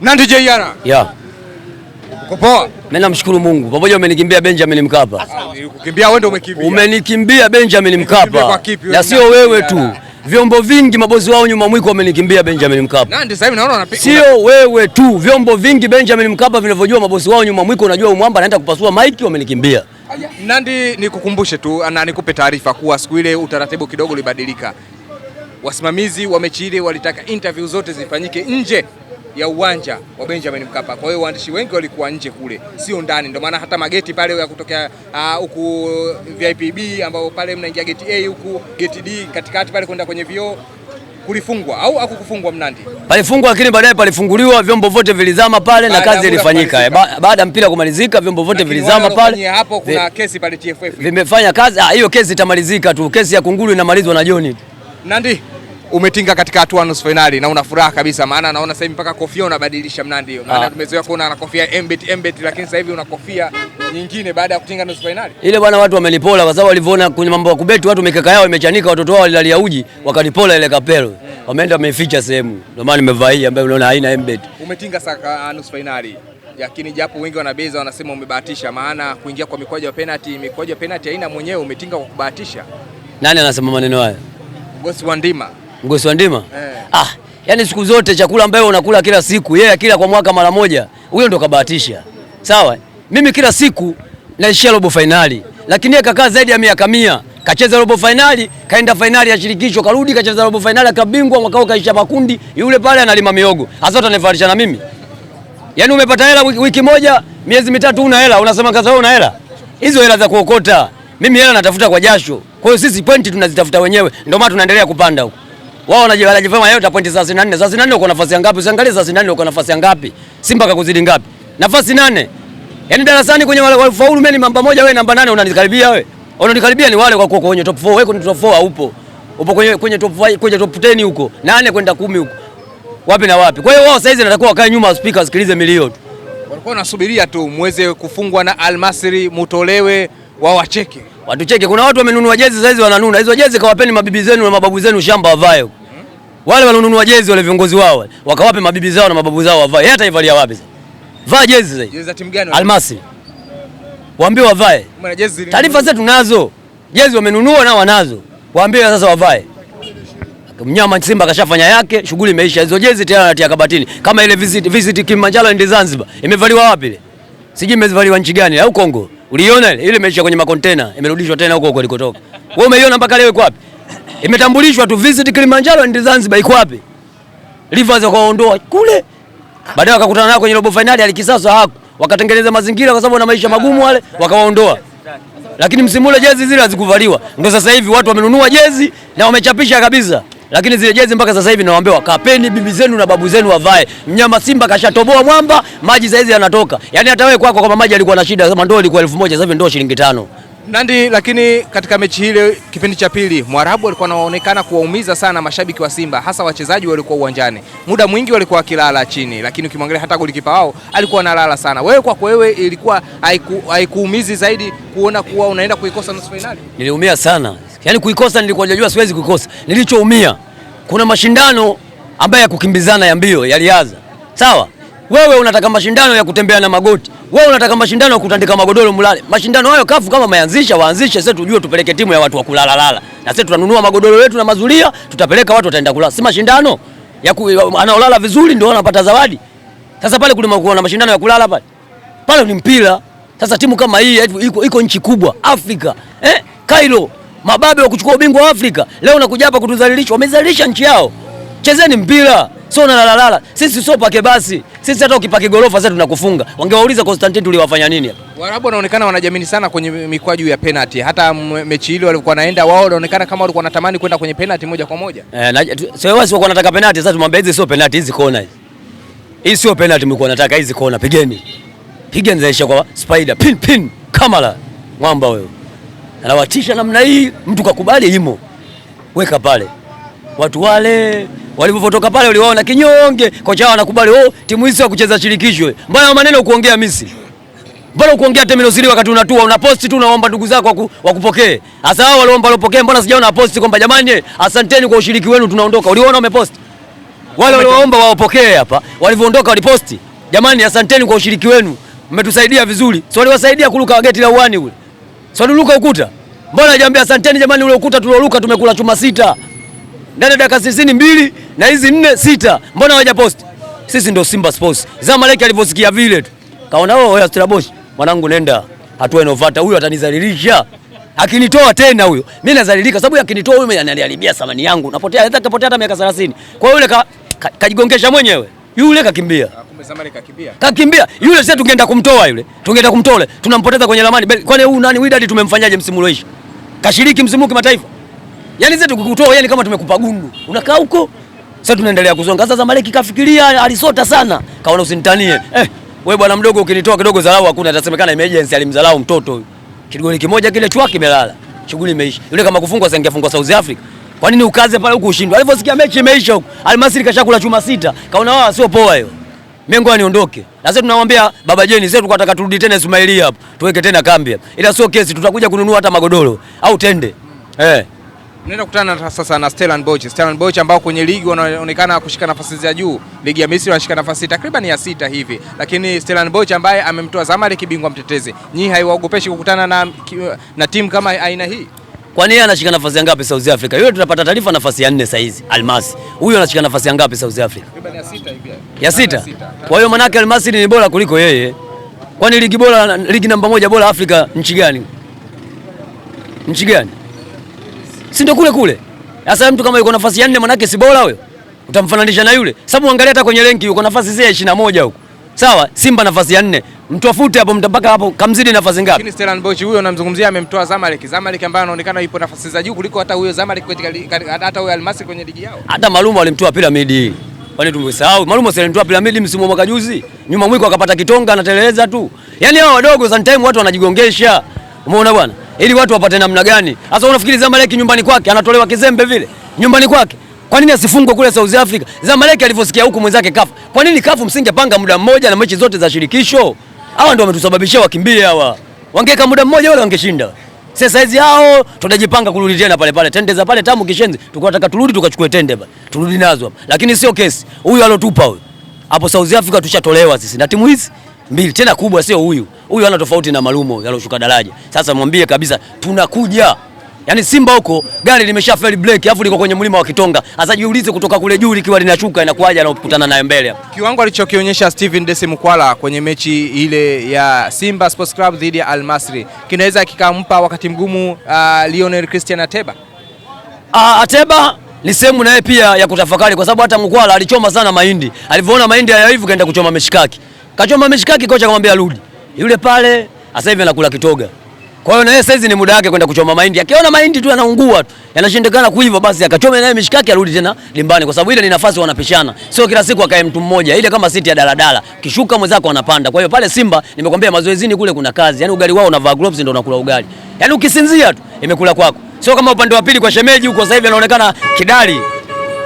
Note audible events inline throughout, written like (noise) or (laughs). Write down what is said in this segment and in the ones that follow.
Nandi Jeyara. Ya. Uko poa? Mimi namshukuru Mungu. Pamoja umenikimbia Benjamin Mkapa. Kukimbia wewe ndio umekimbia. Umenikimbia Benjamin Mkapa. Na sio wewe tu. Vyombo vingi mabozi wao nyuma mwiko wamenikimbia Benjamin Mkapa. Nandi sasa hivi naona anapiga. Sio wewe tu. Vyombo vingi Benjamin Mkapa vinavyojua mabozi wao nyuma mwiko, unajua umwamba anaenda kupasua maiki wamenikimbia. Nandi nikukumbushe tu na nikupe taarifa kuwa siku ile utaratibu kidogo ulibadilika. Wasimamizi wa mechi ile walitaka interview zote zifanyike nje ya uwanja wa Benjamin Mkapa. Kwa hiyo waandishi wengi walikuwa nje kule, sio ndani. Ndio maana hata mageti pale ya kutokea uh, huku VIP B ambao pale mnaingia geti A huku geti D katikati pale kwenda kwenye vioo kulifungwa au hakukufungwa Mnandi? Palifungwa, lakini baadaye palifunguliwa, vyombo vyote vilizama pale baada na kazi ilifanyika. Baada ya mpira kumalizika, vyombo vyote vilizama pale. Hapo kuna kesi pale TFF. Vimefanya kazi, ah, hiyo kesi itamalizika tu. Kesi ya kunguru inamalizwa na Joni. Mnandi umetinga katika hatua nusu finali na una furaha kabisa, maana naona sasa hivi mpaka kofia unabadilisha Mnandi hiyo. Maana ah. tumezoea kuona ana kofia Embet Embet, lakini sasa hivi una kofia nyingine baada ya kutinga nusu finali. Ile bwana watu wamenipola kwa sababu walivyoona kwenye mambo ya kubeti watu mikeka yao imechanika, watoto wao walilalia uji mm. wakanipola ile kapelo. Wameenda wameificha sehemu. Ndio maana nimevaa hii ambayo unaona haina Embet. Umetinga saka ah, nusu finali. Lakini japo wengi wanabeza wanasema umebahatisha, maana kuingia kwa mikwaju ya penalty, mikwaju ya penalty haina mwenyewe, umetinga kwa kubahatisha. Nani anasema maneno haya? Bosi wa Ndima. Mgosi wa ndima eh. Ah, yani siku zote chakula ambayo unakula kila siku yeye, yeah, kila kwa mwaka mara moja, huyo ndo kabahatisha. Sawa, mimi kila siku naishia robo fainali, lakini yeye kakaa zaidi ya miaka mia kacheza robo fainali, kaenda fainali ya shirikisho, karudi kacheza robo fainali, akabingwa mwaka huo, kaisha makundi. Yule pale analima miogo, hasa utanifananisha na mimi? Yani umepata hela wiki moja, miezi mitatu una hela, unasema kaza wewe una hela. Hizo hela za kuokota, mimi hela natafuta kwa jasho. Kwa hiyo sisi pointi tunazitafuta wenyewe, ndio maana tunaendelea kupanda huko wao wanajivaa yote pointi 34. 34 uko nafasi ngapi? Usiangalie 34 uko nafasi ngapi. Simba kakuzidi ngapi? Nafasi nane. Yaani darasani kwenye wale faulu mimi namba moja wewe namba nane unanikaribia wewe. Unanikaribia ni wale kwa kuwa kwenye top 4 wewe kwenye top 4 haupo. Upo kwenye kwenye top 5 kwenye top 10 huko. Nane kwenda kumi huko. Wapi na wapi? Kwa hiyo wao saizi natakuwa wakae nyuma speaker sikilize milio tu. Walikuwa wanasubiria tu muweze kufungwa na Almasri mutolewe mutolewe wacheke. Watucheke, kuna watu wamenunua jezi saizi wananuna. Hizo jezi kawapeni mabibi zenu na mababu zenu shamba wavayo. Wale walonunua jezi wale viongozi wao, wakawape mabibi zao na mababu zao wavae. Yeye ataivalia wapi sasa? Vaa jezi sasa. Jezi za timu gani? Almasi. Waambie wavae. Taarifa zetu nazo. Jezi wamenunua na wanazo. Waambie sasa wavae. Mnyama Simba kashafanya yake, shughuli imeisha. Hizo jezi tena anatia kabatini. Kama ile visit visit Kilimanjaro and Zanzibar. Imevaliwa wapi ile? Sijui imevaliwa nchi gani au Kongo. Uliona ile ile imeisha kwenye makontena, imerudishwa tena huko huko ilikotoka. Wewe umeiona mpaka leo iko wapi? Imetambulishwa tu visit Kilimanjaro and Zanzibar iko wapi? Rivers wakaondoa kule. Baadaye wakakutana nao kwenye robo finali alikisasa hapo. Wakatengeneza mazingira kwa sababu wana maisha magumu wale, wakawaondoa. Lakini msimu ule jezi zile hazikuvaliwa. Ndio sasa hivi watu wamenunua jezi na wamechapisha kabisa lakini zile jezi mpaka sasa hivi nawaambia wakapeni bibi zenu na babu zenu wavae. Mnyama Simba kashatoboa mwamba, maji saizi yanatoka. Yaani hata wewe kwako kama maji alikuwa na shida, kama ndoo ilikuwa elfu moja sasa hivi ndoo shilingi tano Nandi. Lakini katika mechi ile kipindi cha pili, Mwarabu alikuwa anaonekana kuwaumiza sana mashabiki wa Simba, hasa wachezaji walikuwa uwanjani. Muda mwingi walikuwa wakilala chini, lakini ukimwangalia hata golikipa wao alikuwa analala sana. Wewe kwako wewe, ilikuwa haikuumizi haiku zaidi kuona kuwa unaenda kuikosa nusu finali? Niliumia sana Yaani kuikosa nilikuwa najua siwezi kuikosa. Nilichoumia kuna mashindano ambayo ya kukimbizana ya mbio yalianza. Sawa? Wewe unataka mashindano ya kutembea na magoti. Wewe unataka mashindano ya kutandika magodoro mlale. Mashindano hayo kafu kama mayanzisha, waanzishe, sasa tujue tupeleke timu ya watu wa kulala lala. Na sasa tunanunua magodoro yetu na mazulia, tutapeleka watu wataenda kulala. Si mashindano ya ku, anaolala vizuri ndio anapata zawadi. Sasa pale kulikuwa na mashindano ya kulala pale. Pale ni mpira. Sasa timu kama hii iko, iko nchi kubwa Afrika. Eh? Cairo mababe wa kuchukua ubingwa wa Afrika leo nakuja hapa kutudhalilisha. Wamezalilisha nchi yao. Chezeni mpira, sio na lalala. Sisi sio pake basi, sisi hata ukipake gorofa sasa tunakufunga. Wangewauliza Constantine, tuliwafanya nini hapa? Waarabu wanaonekana wanajamini sana kwenye mikwaju ya penalty. Hata mechi ile walikuwa naenda wao, wanaonekana kama walikuwa wanatamani kwenda kwenye penalty moja kwa moja. Eh, na sio wao walikuwa wanataka penalty. Sasa tumwambia hizi sio penalty, hizi kona hizi. Hii sio penalty mlikuwa nataka, hizi kona. Pigeni, pigeni zaisha kwa spider pin pin kamala mwamba wewe anawatisha namna hii, mtu kakubali, imo weka pale. Watu wale walivyotoka pale waliwaona kinyonge, kocha anakubali, oh, timu hizi wa kucheza shirikisho. Mbona maneno kuongea misi, mbona kuongea terminal zili wakati unatua una post tu unaomba ndugu zako wakupokee. Hasa hao waliomba walipokee, mbona sijaona post kwamba jamani, asanteni kwa ushiriki wenu, tunaondoka. Uliona umeposti wale walioomba waopokee hapa, walivyoondoka waliposti, jamani, asanteni kwa ushiriki wenu, mmetusaidia vizuri. Si waliwasaidia kuruka wageti la uani ule? Swaduruka ukuta. Mbona hajambia asanteni jamani ule ukuta tulioruka tumekula chuma sita. Ndani ya dakika 60 mbili na hizi nne sita. Mbona hawajaposti? Sisi ndio Simba Sports. Zamalek alivyosikia vile tu. Kaona wewe oh, hoya Strabosh, mwanangu nenda. Hatua inovata huyo atanizalilisha. Akinitoa tena huyo. Mimi nazalilika sababu akinitoa huyo ananiharibia samani yangu. Napotea hata kapotea hata miaka 30. Kwa hiyo yule kajigongesha ka, mwenyewe. Yule kakimbia. Zamani kakimbia. Kakimbia. Yule sasa tungeenda kumtoa yule. Tungeenda kumtoa. Tunampoteza kwenye ramani. Kwani huyu nani Widadi tumemfanyaje msimu uloisha? Kashiriki msimu wa kimataifa. Yaani sasa tukikutoa yani kama tumekupa gundu. Unakaa huko. Sasa tunaendelea kuzonga. Sasa Zamalek kafikiria alisota sana. Kaona usinitanie. Eh, wewe bwana mdogo ukinitoa kidogo dharau hakuna atasemekana emergency alimdharau mtoto huyu. Kigoli kimoja kile chwa kimelala. Shughuli imeisha. Yule kama kufungwa sasa ingefungwa South Africa. Kwa nini ukaze pale huko ushindwe? Alivyosikia mechi imeisha huko. Almasiri kashakula chuma sita. Kaona wao ah, sio poa hiyo. Mengo aniondoke. Na sasa tunamwambia Baba Jeni, sasa tunataka turudi tena Ismaili hapo, Tuweke tena kambi Ila sio kesi, tutakuja kununua hata magodoro au tende. Hmm. Eh. Unaenda kukutana sasa na Stellenbosch. Stellenbosch ambao kwenye ligi wanaonekana kushika nafasi za juu. Ligi ya Misri wanashika nafasi takriban ya sita hivi. Lakini Stellenbosch ambaye amemtoa Zamalek bingwa mtetezi. Nyi haiwaogopeshi kukutana na na timu kama aina hii? Kwani yeye anashika nafasi ngapi South Africa? Yule tunapata taarifa nafasi ya nne saizi Almasi. Huyu anashika nafasi ngapi South Africa? Ya sita hivi. Ya sita. Kwa hiyo manake Almasi ni bora kuliko yeye. Kwani ligi bora ligi namba moja bora Afrika nchi gani? Nchi gani? Si ndio kule kule. Sasa mtu kama yuko nafasi ya nne manake si bora huyo. Utamfananisha na yule. Sababu angalia hata kwenye renki yuko nafasi zile 21 huko. Sawa, Simba nafasi ya nne mtafute hapo mtapaka hapo kamzidi nafasi ngapi? Lakini Stellenbosch huyo namzungumzia amemtoa Zamalek. Zamalek ambaye anaonekana yupo nafasi za juu kuliko hata huyo Zamalek katika hata huyo Almasi kwenye ligi yao. Hata Maluma alimtoa Piramidi. Kwani tumesahau? Maluma si alimtoa Piramidi msimu wa mwaka juzi. Nyuma mwiko akapata kitonga anateleza tu. Yaani hao wadogo sometimes watu wanajigongesha. Umeona bwana? Ili watu wapate namna gani? Sasa unafikiri Zamalek nyumbani kwake anatolewa kizembe vile? Nyumbani kwake. Kwa nini asifungwe kule South Africa? Zamalek alivyosikia huku mwenzake kafu. Kwa nini kafu msingepanga muda mmoja na mechi zote za shirikisho? hawa ndio wametusababishia wakimbie hawa. Wangeka muda mmoja wale wangeshinda. Sasa hizi hao tunajipanga kurudi tena pale pale. Tende za pale tamu kishenzi. Tulikuwa tunataka turudi tukachukue tende pale. Turudi nazo hapa. Lakini sio kesi. Huyu alotupa huyu. Hapo South Africa tushatolewa sisi. Na timu hizi mbili tena kubwa sio huyu. Huyu ana tofauti na Malumo yaloshuka daraja. Sasa mwambie kabisa tunakuja. Yaani Simba huko gari limesha fail break afu liko kwenye mlima wa Kitonga. Sasa jiulize kutoka kule juu likiwa linashuka inakuwaje anakutana nayo mbele. Kiwango alichokionyesha Steven Desi Mukwala kwenye mechi ile ya Simba Sports Club dhidi ya Al Masry kinaweza kikampa wakati mgumu uh, Lionel Christian Ateba. Uh, Ateba ni sehemu naye pia ya kutafakari kwa sababu hata Mukwala alichoma sana mahindi. Alivyoona mahindi hivi kaenda kuchoma meshikaki. Kachoma meshikaki kocha akamwambia rudi. Yule pale sasa hivi anakula kitoga. Kwa hiyo na yeye saizi ni muda wake kwenda kuchoma mahindi. Akiona mahindi tu yanaungua tu, yanashindikana kuiva basi akachome naye mishikaki arudi tena limbani kwa sababu ile ni nafasi wanapishana. Sio kila siku akae mtu mmoja. Ile kama siti ya daladala, kishuka mwenzako anapanda. Kwa hiyo pale Simba nimekwambia mazoezini kule kuna kazi. Yaani ugali wao unavaa gloves ndio unakula ugali. Yaani ukisinzia tu imekula kwako. Sio kama upande wa pili kwa shemeji huko sasa hivi anaonekana kidali.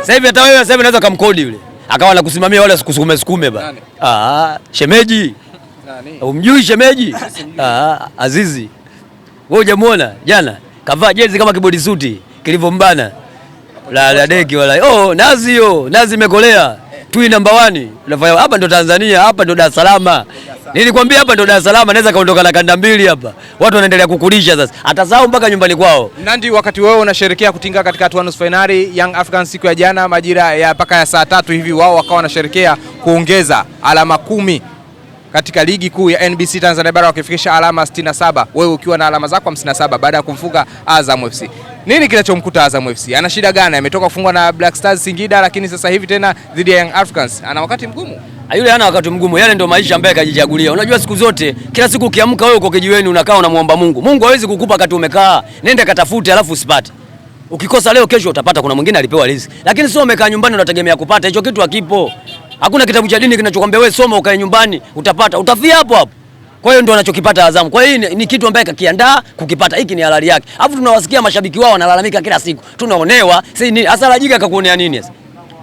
Sasa hivi hata wewe sasa hivi unaweza kumkodi yule. Akawa anakusimamia wale sikusukume sukume ba. Ah, shemeji. Nani? Umjui shemeji? (laughs) Ah, Azizi. Wewe hujamuona jana kavaa jezi kama kibodi suti kilivyombana la la deki wala oh, nazi yo nazi imekolea tui namba 1 unafanya hapa ndo Tanzania, hapa ndo Dar es Salaam. Nilikwambia hapa ndo Dar es Salaam, naweza kaondoka na kanda mbili hapa. Watu wanaendelea kukulisha sasa, atasahau mpaka nyumbani kwao. Nandi, wakati wewe unasherekea kutinga katika hatua nusu finali Young Africans siku ya jana majira ya mpaka ya saa tatu hivi, wao wakawa wanasherekea kuongeza alama kumi katika ligi kuu ya NBC Tanzania Bara wakifikisha alama 67, wewe ukiwa na alama zako 57 baada ya kumfunga Azam FC. Nini kinachomkuta Azam FC? Ana shida gani? Ametoka kufungwa na Black Stars Singida, lakini sasa hivi tena dhidi ya Young Africans ana wakati mgumu. Ah, yule hana wakati mgumu, yale ndio maisha ambayo kajichagulia. Unajua siku zote, kila siku ukiamka wewe uko kijiweni, unakaa unamwomba Mungu. Mungu hawezi kukupa wakati umekaa. Nenda katafute, alafu usipate. Ukikosa leo, kesho utapata. Kuna mwingine alipewa riziki, lakini sio umekaa nyumbani unategemea kupata. Hicho kitu hakipo. Hakuna kitabu cha dini kinachokwambia wewe soma ukae nyumbani utapata, utafia hapo hapo. Kwa hiyo ndio anachokipata Azamu. Kwa hiyo ni, kitu ambaye kakiandaa kukipata, hiki ni halali yake. Alafu tunawasikia mashabiki wao wanalalamika kila siku, tunaonewa si nini. Hasa Rajiga akakuonea nini sasa?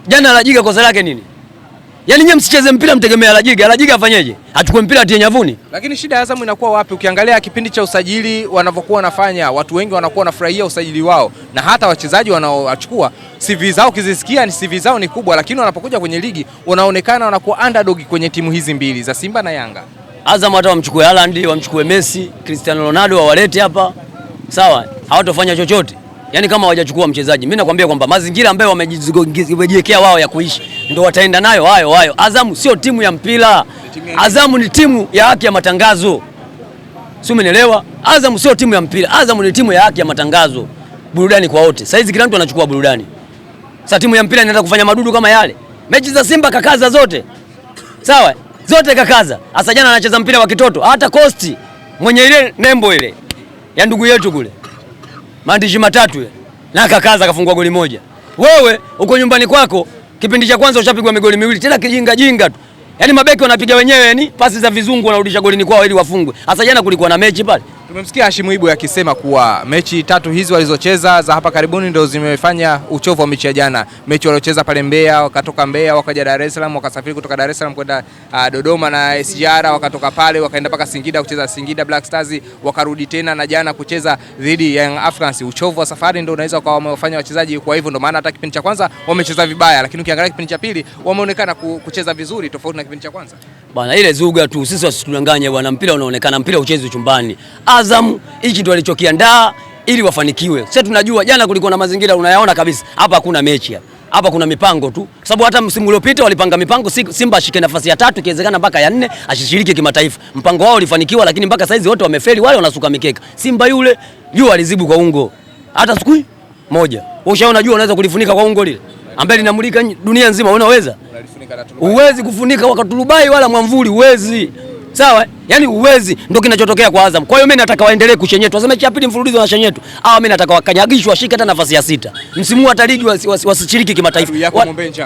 Jana Rajiga kosa lake nini? Yaani nyie msicheze mpira mtegemea Alajiga. Alajiga afanyeje? Achukue mpira atie nyavuni. Lakini shida ya Azam inakuwa wapi? Ukiangalia kipindi cha usajili wanavyokuwa wanafanya, watu wengi wanakuwa wanafurahia usajili wao na hata wachezaji wanaoachukua CV zao kizisikia ni CV zao ni kubwa, lakini wanapokuja kwenye ligi wanaonekana wanakuwa underdog kwenye timu hizi mbili za Simba na Yanga. Azam hata wamchukue Haaland, wamchukue Messi, Cristiano Ronaldo wawalete hapa. Sawa, hawatofanya chochote yani kama hawajachukua mchezaji, mimi nakwambia kwamba mazingira ambayo wamejiwekea wao ya kuishi ndio wataenda nayo hayo hayo. Azamu sio timu ya mpira, Azamu ni timu ya haki ya matangazo, si umenielewa? Azamu sio timu ya mpira, Azamu ni timu ya haki ya matangazo, burudani kwa wote. Saizi kila mtu anachukua burudani. Sasa timu ya mpira inaenda kufanya madudu kama yale mechi za Simba kakaza zote, sawa zote kakaza. Hasa jana anacheza mpira wa kitoto, hata Kosti mwenye ile nembo ile ya ndugu yetu kule maandishi matatu ya na akakaza akafungua goli moja. Wewe uko nyumbani kwako, kipindi cha kwanza ushapigwa migoli miwili, tena kijinga jinga tu. Yaani mabeki wanapiga wenyewe, yani pasi za vizungu wanarudisha golini kwao ili wafungwe. Hasa jana kulikuwa na mechi pale. Tumemsikia Hashim Ibwe akisema kuwa mechi tatu hizi walizocheza za hapa karibuni ndio zimefanya uchovu wa mechi ya jana, mechi waliocheza pale Mbeya, wakatoka Mbeya wakaja Dar es Salaam, wakasafiri kutoka Dar es Salaam kwenda uh, Dodoma na SGR, wakatoka pale wakaenda mpaka Singida kucheza Singida Black Stars, wakarudi tena na jana kucheza dhidi ya Young Africans. Uchovu wa safari ndio unaweza kwa wamefanya wachezaji, kwa hivyo ndio maana hata kipindi cha kwanza wamecheza vibaya, lakini ukiangalia kipindi cha pili wameonekana kucheza vizuri tofauti na kipindi cha kwanza. Bwana ile zuga tu, sisi wasitudanganye bwana, mpira unaonekana, mpira uchezi chumbani. Ah, Azam hichi ndio alichokiandaa ili wafanikiwe. Sasa tunajua jana kulikuwa na mazingira unayaona kabisa. Hapa hakuna mechi hapa. Hapa kuna mipango tu. Sababu hata msimu uliopita walipanga mipango Simba ashike nafasi ya tatu ikiwezekana mpaka ya nne ashiriki kimataifa. Mpango wao ulifanikiwa lakini mpaka saizi wote wamefeli wale wanasuka mikeka. Simba yule jua alizibu kwa ungo. Hata siku moja. Ushaona jua unaweza kulifunika kwa ungo lile ambaye linamulika dunia nzima unaweza? Uwezi kufunika wakati turubai wala mwamvuli uwezi. Sawa? Yaani uwezi ndio kinachotokea kwa Azam. Kwa hiyo mimi nataka waendelee kushenyetwa. Sasa mechi ya pili mfululizo na shenyetu Hawa mimi nataka wakanyagishwe washike hata nafasi ya sita. Msimu huu hata ligi wasishiriki kimataifa.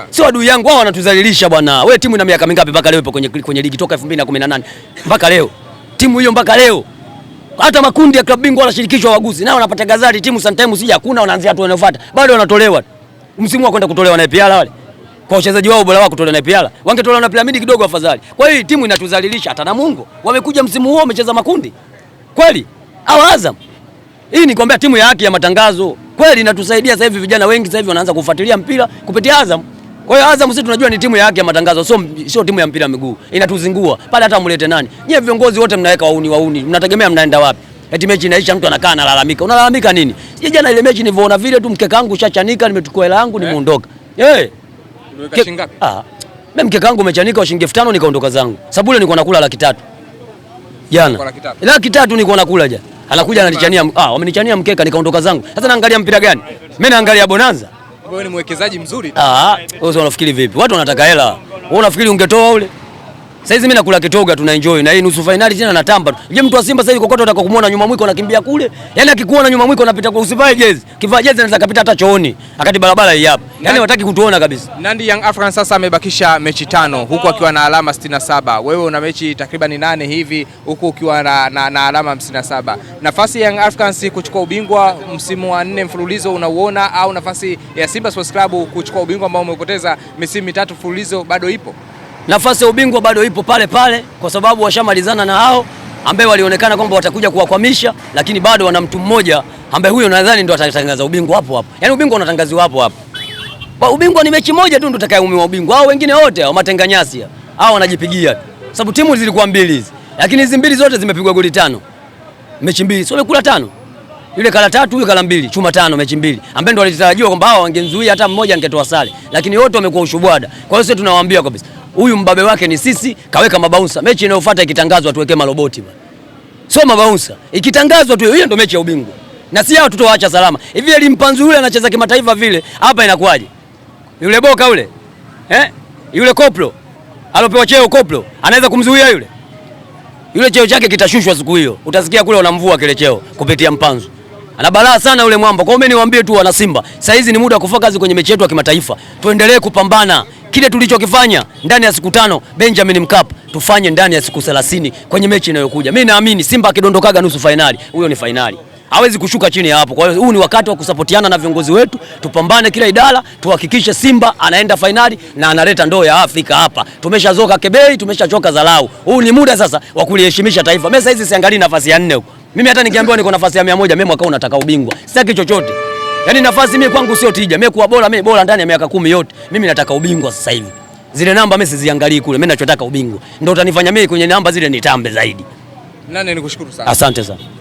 Sio adui yangu, wao wanatuzalilisha bwana. Wewe timu ina miaka mingapi mpaka leo ipo kwenye kwenye ligi toka 2018 mpaka leo. Timu hiyo mpaka leo. Hata makundi ya klabu bingwa wanashirikishwa waguzi. Nao wanapata gazari timu sometimes sija hakuna wanaanzia tu wanaofuata Bado wanatolewa. Msimu wa kwenda kutolewa na EPL wale kwa uchezaji wao bora wao kutolewa na Piala. Wangetolewa na Piramidi kidogo afadhali. Kwa hiyo timu inatuzalilisha hata na Mungu. Wamekuja msimu huo wamecheza makundi. Kweli? Au Azam. Hii ni kwambia timu ya haki ya matangazo. Kweli inatusaidia sasa hivi vijana wengi sasa hivi wanaanza kufuatilia mpira kupitia Azam. Kwa hiyo Azam sisi tunajua ni timu ya haki ya matangazo, sio sio timu ya mpira miguu. Inatuzingua. Pale hata mlete nani? Nyie viongozi wote mnaweka wauni wauni. Mnategemea mnaenda wapi? Eti mechi inaisha, mtu anakaa analalamika. Unalalamika nini? Sije jana ile mechi nilivyoona vile tu mkeka wangu ushachanika, nimechukua hela yangu nimeondoka. Eh. Hey. Uliweka shilingi ngapi? Ah. Mimi mkeka wangu umechanika wa shilingi 5000 nikaondoka zangu. Sabule ile nilikuwa nakula laki tatu. Jana. Laki tatu. Laki tatu nilikuwa nakula ja Anakuja ananichania, ah, wamenichania mkeka nikaondoka zangu. Sasa naangalia mpira gani? Mimi naangalia Bonanza. Wewe ni mwekezaji mzuri. Ah, wewe unafikiri vipi? Watu wanataka hela. Wewe unafikiri ungetoa ule? Sasa hizi mimi nakula kitoga tuna enjoy na hii nusu finali tena na tamba. Je, mtu wa Simba sasa hivi kokote atakokumuona nyuma mwiko anakimbia kule? Yaani akikuona nyuma mwiko anapita kwa usivae jezi. Kivaa jezi anaweza kapita hata chooni. Akati barabara hii hapa. Yaani hataki kutuona kabisa. Nandi Young Africans sasa amebakisha mechi tano huku akiwa na alama 67. Wewe una mechi takriban nane hivi huku ukiwa na, na, na alama 57. Nafasi ya Young Africans kuchukua ubingwa msimu wa nne mfululizo unauona au nafasi ya Simba Sports Club kuchukua ubingwa ambao umepoteza misimu mitatu mfululizo bado ipo? nafasi ya ubingwa bado ipo pale pale, kwa sababu washamalizana na hao ambaye walionekana kwamba watakuja kuwakwamisha, lakini bado wana mtu mmoja ambaye huyo nadhani ndo atatangaza ubingwa hapo hapo. Yaani ubingwa unatangaziwa hapo hapo. Kwa ubingwa ni mechi moja tu ndo utakayeumiwa ubingwa. Hao wengine wote hao matenganyasi hao wanajipigia Sababu timu zilikuwa mbili hizi. Lakini hizi mbili zote zimepigwa goli tano. Mechi mbili. Sio kula tano. Yule kala tatu, yule kala mbili, chuma tano mechi mbili. Ambaye ndo alitarajiwa kwamba hao wangenzuia hata mmoja angetoa sare. Lakini wote wamekuwa ushubwada. Kwa hiyo sisi tunawaambia kabisa huyu mbabe wake ni sisi, kaweka mabaunsa. Mechi inayofuata ikitangazwa tuweke maroboti bwana, sio mabaunsa. Ikitangazwa tu hiyo ndio mechi ya ubingwa, na si hao tutowaacha salama. Hivi elimpanzu yule anacheza kimataifa vile, hapa inakuwaje? Yule boka yule eh, yule koplo alopewa cheo koplo, anaweza kumzuia yule? Yule cheo chake kitashushwa siku hiyo, utasikia kule wanamvua kile cheo kupitia mpanzu ana balaa sana yule mwamba. Kwa hiyo mimi niwaambie tu wana Simba, sasa hizi ni muda wa kufanya kazi kwenye mechi yetu ya kimataifa. Tuendelee kupambana kile tulichokifanya ndani ya siku tano Benjamin Mkapa tufanye ndani ya siku 30 kwenye mechi inayokuja. Mimi naamini Simba akidondokaga nusu fainali, huyo ni fainali, hawezi kushuka chini ya hapo. Kwa hiyo huu ni wakati wa kusapotiana na viongozi wetu, tupambane kila idara, tuhakikishe Simba anaenda fainali na analeta ndoo ya Afrika hapa. Tumeshazoka kebei, tumeshachoka dharau. Huu ni muda sasa wa kuliheshimisha taifa. Mimi sasa hizi siangalii nafasi ya nne huko. Mimi hata nikiambiwa niko nafasi ya 100, mimi mwaka unataka ubingwa, sitaki chochote. Yaani nafasi mimi kwangu sio tija. Mimi kuwa bora, mimi bora ndani ya miaka kumi yote. Mimi nataka ubingwa sasa hivi. Zile namba mimi siziangalii kule. Mimi ninachotaka ubingwa. Ndio utanifanya mimi kwenye namba zile nitambe zaidi. Nani nikushukuru sana. Asante sana.